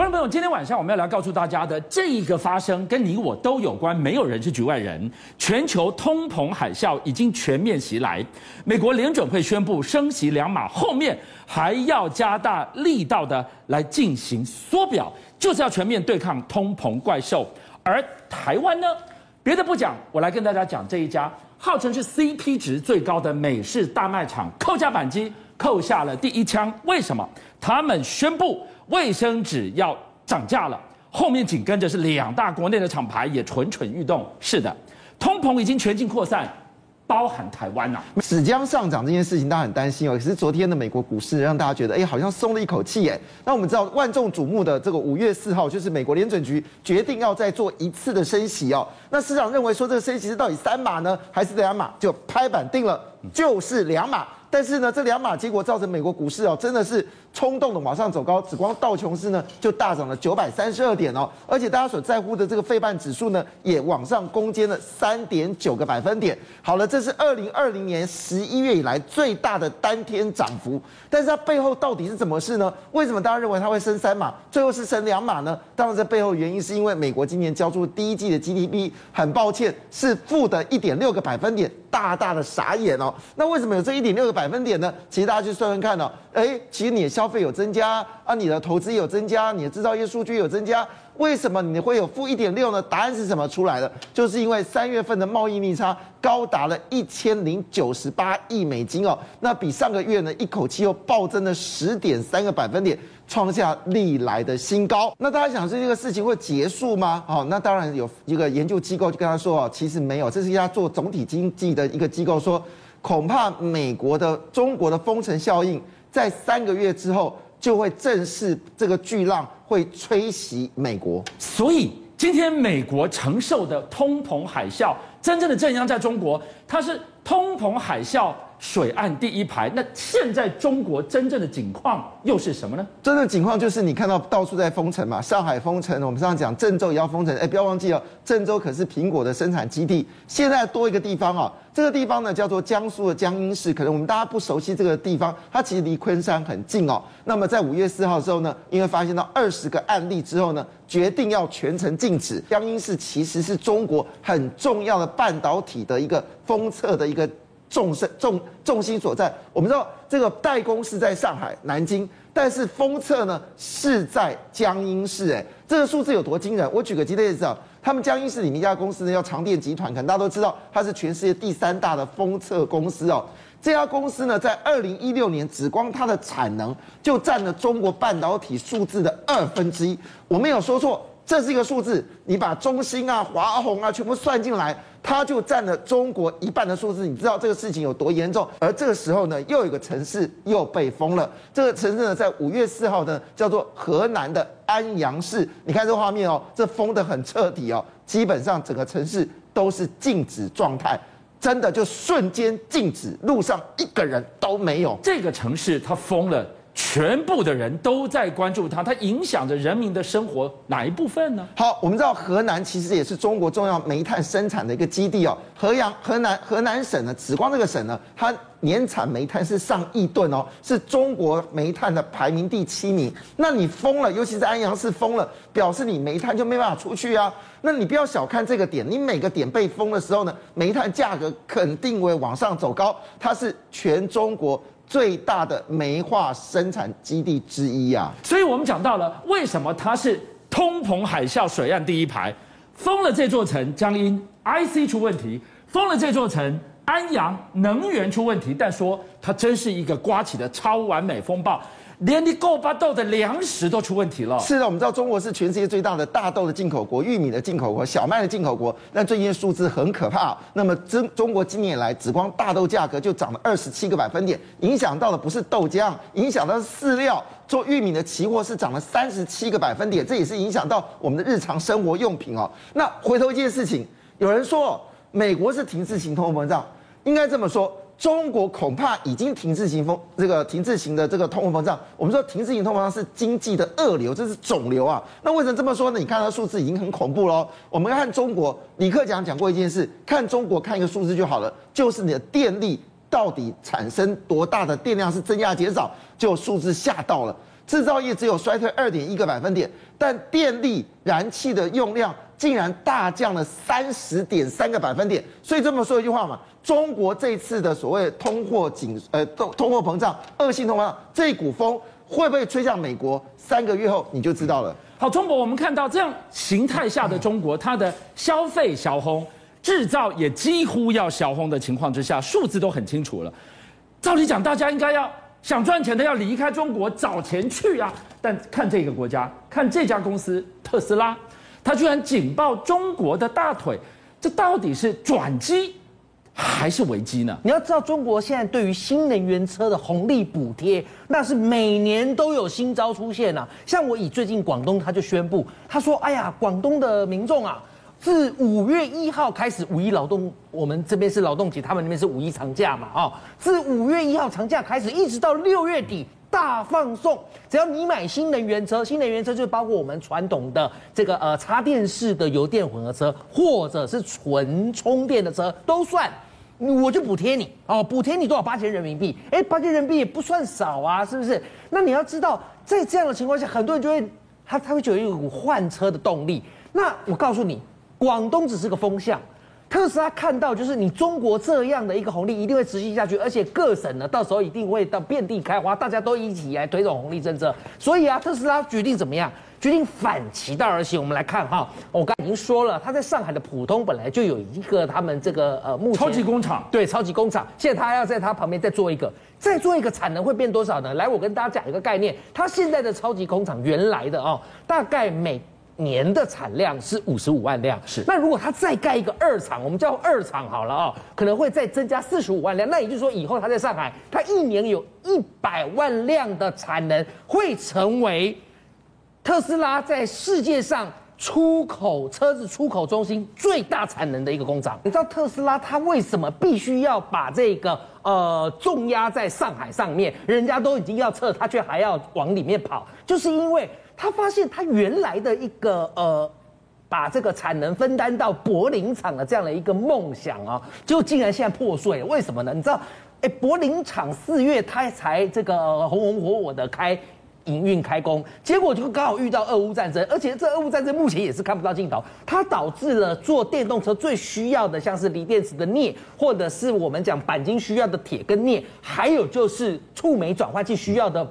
觀眾朋友，今天晚上我們要來告訴大家的這一個發生跟你我都有關，沒有人是局外人。全球通膨海嘯已經全面襲來，美國聯準會宣布升息兩碼，後面還要加大力道的來進行縮表，就是要全面對抗通膨怪獸。而台灣呢，別的不講，我來跟大家講這一家號稱是 CP 值最高的美式大賣場，扣下扳機，扣下了第一槍，為什麼？他們宣布衛生紙要漲價了，後面緊跟着是兩大國內的廠牌也蠢蠢欲動。是的，通膨已經全境擴散，包含台灣吶、啊。紙漿上漲這件事情，大家很擔心哦。可是昨天的美國股市讓大家覺得，哎，好像鬆了一口氣耶。那我們知道，萬眾矚目的這個五月四號，就是美國聯準局決定要再做一次的升息哦。那市場認為說，這個升息是到底三碼呢，還是兩碼？就拍板定了，就是兩碼。但是呢，這兩碼結果造成美國股市哦，真的是。衝動的往上走高，紫光道瓊斯呢就大漲了九百三十二點哦，而且大家所在乎的這個費半指數呢也往上攻堅了三點九個百分點。好了，這是二零二零年十一月以來最大的單天漲幅。但是它背後到底是怎麼回事呢？為什麼大家認為它會升三碼，最後是升兩碼呢？當然這背後原因是因為美國今年交出第一季的 GDP，很抱歉是負的一點六個百分點，大大的傻眼哦。那為什麼有這一點六個百分點呢？其實大家去算算看哦，哎，其實你也。消費有增加啊，你的投資有增加，你的制造業數據也有增加，為什麼你會有負一點六呢？答案是什麼出來的？就是因為三月份的貿易逆差高達了一千零九十八億美金哦，那比上個月呢，一口氣又暴增了十點三個百分點，創下歷來的新高。那大家想說，這個事情會結束嗎？好、哦，那當然有一個研究機構就跟他說啊，其實沒有，這是一家做總體經濟的一個機構說，恐怕美國的中國的封城效應。在三個月之後，就會正式這個巨浪會吹襲美國，所以今天美國承受的通膨海嘯，真正的震央在中國，它是通膨海嘯，水岸第一排，那現在中國真正的景況又是什麼呢？真正的景況就是你看到到處在封城嘛，上海封城，我們上次講鄭州也要封城，哎，不要忘記哦，鄭州可是蘋果的生產基地。現在多一個地方啊、哦，這個地方呢叫做江蘇的江陰市，可能我們大家不熟悉這個地方，它其實離昆山很近哦。那麼在五月四號的時候呢，因為發現到二十個案例之後呢，決定要全城禁止。江陰市其實是中國很重要的半導體的一個封測的一個。重心，重重心所在，我們知道這個代工是在上海、南京，但是封測呢是在江陰市。誒，這個數字有多驚人？我舉個的例子啊、哦，他們江陰市裡面一家公司呢叫長電集團，可能大家都知道，它是全世界第三大的封測公司哦。這家公司呢，在二零一六年，只光它的產能就占了中國半導體數字的二分之一。我沒有說錯，這是一個數字，你把中芯啊、華虹啊全部算進來。他就佔了中國一半的數字，你知道這個事情有多嚴重？而這個時候呢，又有個城市又被封了。這個城市呢，在五月四號呢，叫做河南的安陽市。你看這畫面哦，這封的很徹底哦，基本上整個城市都是靜止狀態，真的就瞬間靜止，路上一個人都沒有。這個城市它封了。全部的人都在關注它，它影響着人民的生活哪一部分呢？好，我們知道河南其實也是中國重要煤炭生產的一個基地哦。河陽、河南、河南省呢，只光這個省呢，它年產煤炭是上億噸哦，是中國煤炭的排名第七名。那你封了，尤其是安陽市封了，表示你煤炭就沒辦法出去啊。那你不要小看這個點，你每個點被封的時候呢，煤炭價格肯定會往上走高，它是全中國最大的煤化生產基地之一啊，所以我們講到了為什麼它是通膨海嘯水岸第一排，封了這座城江陰 IC 出問題，封了這座城安陽能源出問題，但說它真是一個刮起的超完美風暴。連你夠巴豆的糧食都出問題了。是的，我們知道中國是全世界最大的大豆的進口國、玉米的進口國、小麥的進口國。那最近數字很可怕。那麼中中國今年以來，只光大豆價格就漲了二十七個百分點，影響到的不是豆漿，影響到飼料，做玉米的期貨是漲了三十七個百分點，這也是影響到我們的日常生活用品哦。那回頭一件事情，有人說美國是停滯性通貨膨脹，應該這麼說。中國恐怕已經停滯型風，這個停滯型的這個通貨膨脹。我們說停滯型通貨膨脹是經濟的惡瘤，這是腫瘤啊。那為什麼這麼說呢？你看它的數字已經很恐怖咯。我們看中國，李克強講過一件事，看中國看一個數字就好了，就是你的電力到底產生多大的電量是增加減少，就數字嚇到了。制造業只有衰退二點一個百分點，但電力燃氣的用量，竟然大降了三十點三個百分點，所以這麼說一句話嘛，中國這次的所謂通貨緊呃通通貨膨脹惡性通脹，這一股風會不會吹向美國？三個月後你就知道了。好，中博我們看到這樣形態下的中國，它的消費小紅製造也幾乎要小紅的情況之下，數字都很清楚了。照理講，大家應該要想賺錢的要離開中國找錢去啊，但看這個國家，看這家公司特斯拉。他居然緊抱中國的大腿，這到底是轉機還是危機呢？你要知道，中國現在對於新能源車的紅利補貼，那是每年都有新招出現啊。像我以最近廣東他就宣布，他說：“哎呀，廣東的民眾啊，自五月一號開始，五一勞動，我們這邊是勞動節，他們那邊是五一長假嘛，哦，自五月一號長假開始，一直到六月底。”大放送，只要你買新能源車，新能源車就包括我們傳統的這個呃插電式的油電混合車，或者是純充電的車都算，我就補貼你哦，補貼你多少？八千人民幣。誒、欸，八千人民幣也不算少啊，是不是？那你要知道，在這樣的情況下，很多人就會他他會覺得有股換車的動力。那我告訴你，廣東只是個風向。特斯拉看到，就是你中國這樣的一個紅利一定會持續下去，而且各省呢，到時候一定會到遍地開花，大家都一起來推動紅利政策。所以啊，特斯拉決定怎麼樣？決定反其道而行。我們來看哈、哦，我剛才已經說了，它在上海的浦東本來就有一個他們這個呃目前，超級工廠，對，超級工廠。現在它要在它旁邊再做一個，再做一個產能會變多少呢？來，我跟大家講一個概念，它現在的超級工廠原來的哦，大概每。年的產量是五十五萬輛，是那如果他再蓋一個二廠，我們叫二廠好了啊、哦，可能會再增加四十五萬輛。那也就是說，以後他在上海，他一年有一百萬輛的產能，會成為特斯拉在世界上出口車子出口中心最大產能的一個工廠。你知道特斯拉它為什麼必須要把這個呃重壓在上海上面？人家都已經要撤，他卻還要往裡面跑，就是因為。他發現他原來的一個呃，把這個產能分擔到柏林廠的這樣的一個夢想啊，就竟然，現在破碎了。為什麼呢？你知道，哎、欸，柏林廠四月他才這個紅紅火火的開營運開工，結果就剛好遇到俄烏戰爭，而且這俄烏戰爭目前也是看不到盡頭。它導致了做電動車最需要的，像是鋰電池的鎳，或者是我們講鈑金需要的鐵跟鎳，還有就是觸媒轉換器需要的，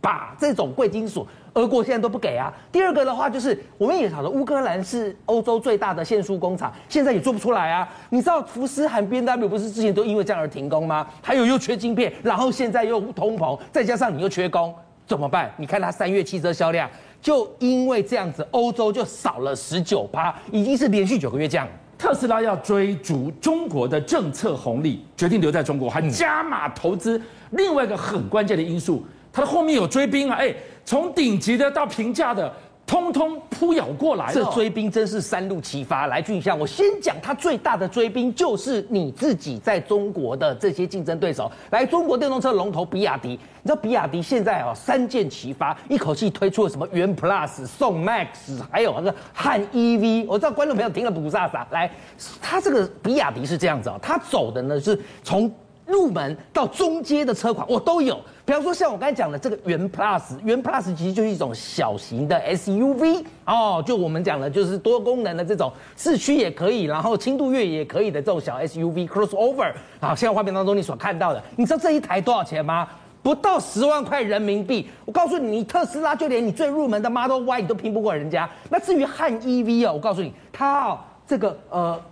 鈀這種貴金屬。俄國現在都不給啊。第二個的話就是，我們也曉得，烏克蘭是歐洲最大的線束工廠，現在也做不出來啊。你知道福斯和 BMW 不是之前都因為這樣而停工嗎？還有又缺晶片，然後現在又通膨，再加上你又缺工，怎麼辦？你看它三月汽車銷量就因為這樣子，歐洲就少了十九趴，已經是連續九個月降。特斯拉要追逐中國的政策紅利，決定留在中國，還加碼投資。嗯、另外一個很關鍵的因素，它的後面有追兵啊！誒從頂級的到平價的，通通撲咬過來了。這追兵真是三路齊發。來，俊相，我先講，他最大的追兵就是你自己在中國的這些競爭對手。來，中國電動車龍頭比亞迪，你知道比亞迪現在啊、哦、三箭齊發，一口氣推出了什麼元 Plus、宋 Max，還有那個漢 EV。我知道觀眾朋友聽了霧煞煞。來，他這個比亞迪是這樣子啊、哦，他走的呢是從。入門到中階的車款我都有，比方說像我剛才講的這個元 Plus，元 Plus 其實就是一種小型的 SUV 哦，就我們講的就是多功能的這種四驅也可以，然後輕度越野也可以的這種小 SUV crossover。好，現在畫面當中你所看到的，你知道這一台多少錢嗎？不到十萬塊人民幣。我告訴你，你特斯拉就連你最入門的 Model Y 你都拼不過人家。那至於漢 EV 哦，我告訴你，它哦這個呃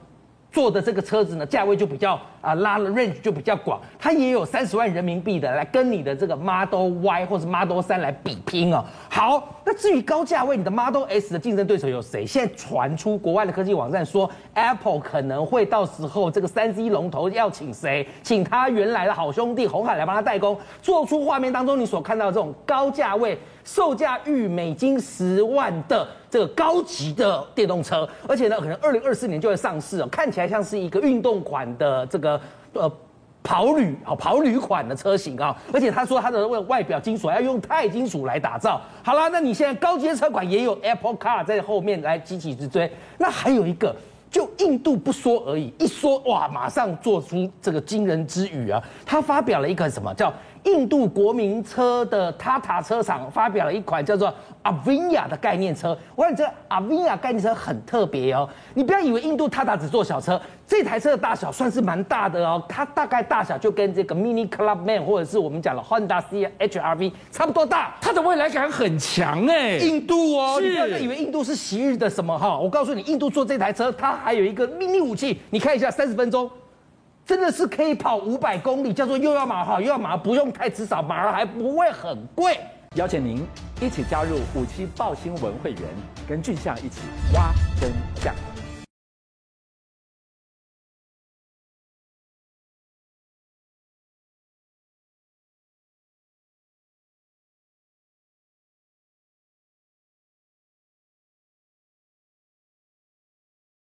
做的這個車子呢，價位就比較。啊，拉了 range 就比較廣，它也有三十萬人民幣的來跟你的這個 Model Y 或是 Model 3來比拼哦、啊。好，那至於高價位，你的 Model S 的競爭對手有誰？現在傳出國外的科技網站說，Apple 可能會到時候這個三 C 龍頭要請誰？請他原來的好兄弟鴻海來幫他代工，做出畫面當中你所看到的這種高價位，售價逾美金十萬的這個高級的電動車，而且呢，可能二零二四年就會上市哦、啊。看起來像是一個運動款的這個。呃，跑旅啊，跑旅款的車型啊、哦，而且他說他的外外表金屬要用鈦金屬來打造。好啦，那你現在高階車款也有 Apple Car 在後面來急起直追。那還有一個，就印度不說而已，一說哇，馬上做出這個驚人之語啊，他發表了一個什麼叫？印度國民車的 Tata 車廠發表了一款叫做 Avinya 的概念車。我講這 Avinya 概念車很特別哦,你不要以為印度 Tata 只做小車，這台車的大小算是蠻大的哦。它大概大小就跟這個 Mini Clubman 或者是我們講的 Honda C HRV 差不多大。它的未來感很強誒。印度哦是，你不要以為印度是昔日的什麼哈、哦。我告訴你，印度做這台車，它還有一個秘密武器，你看一下三十分鐘。真的是可以跑五百公里，叫做又要馬好、啊、又要馬、啊，不用太至少，馬、啊、還不會很貴。邀請您一起加入五七爆新聞會員，跟俊相一起挖真相。